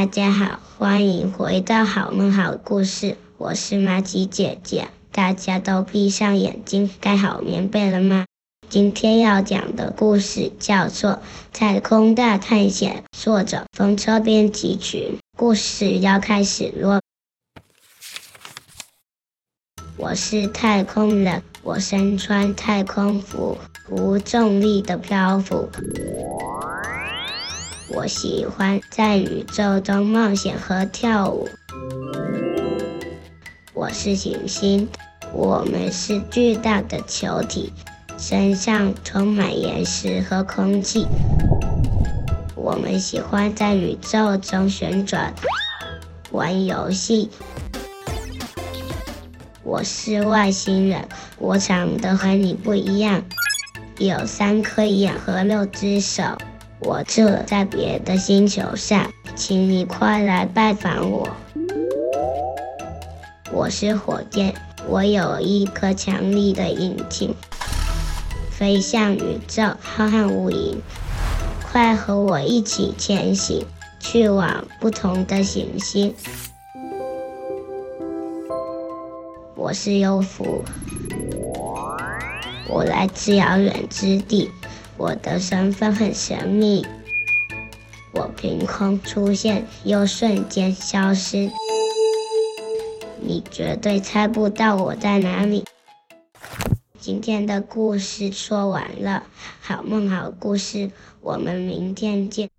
大家好，歡迎回到《好夢好故事》，我是麻吉姐姐。大家都閉上眼睛，蓋好棉被了嗎？今天要講的故事叫做《太空大探險》，作者風車編輯群。故事要開始嘍！我是太空人，我身穿太空服，無重力的漂浮。我喜歡在宇宙中冒險和跳舞。我是行星，我們是巨大的球體，身上充滿岩石和空氣。我們喜歡在宇宙中旋轉、玩遊戲。我是外星人，我長得和你不一樣，有三顆眼和六隻手。我住在別的星球上，請你快來拜訪我。我是火箭，我有一顆強力的引擎，飛向宇宙浩瀚無垠，快和我一起前行，去往不同的行星。我是幽浮，我來自遙遠之地。我的身份很神秘，我憑空出現又瞬間消失，你絕對猜不到我在哪裡。今天的故事說完了，好夢好故事，我們明天見。